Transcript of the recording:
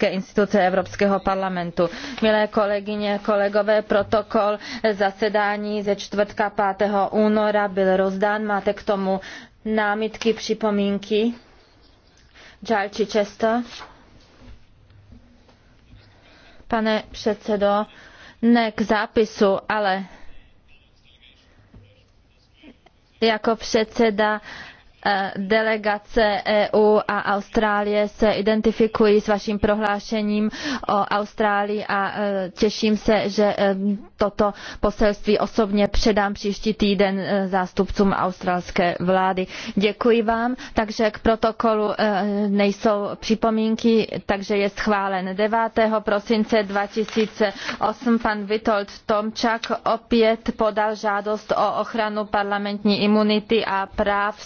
evropské instituce Evropského parlamentu. Milé kolegyně, kolegové, protokol zasedání ze čtvrtka 5. února byl rozdán. Máte k tomu námitky, připomínky? Giles Chichester. Pane předsedo, ne k zápisu, ale jako předseda Eh, delegace EU a Austrálie se identifikují s vaším prohlášením o Austrálii a eh, těším se, že eh, toto poselství osobně předám příští týden zástupcům australské vlády. Děkuji vám, takže k protokolu nejsou připomínky, takže je schválen 9. prosince 2008 pan Vitold Tomčak opět podal žádost o ochranu parlamentní imunity a práv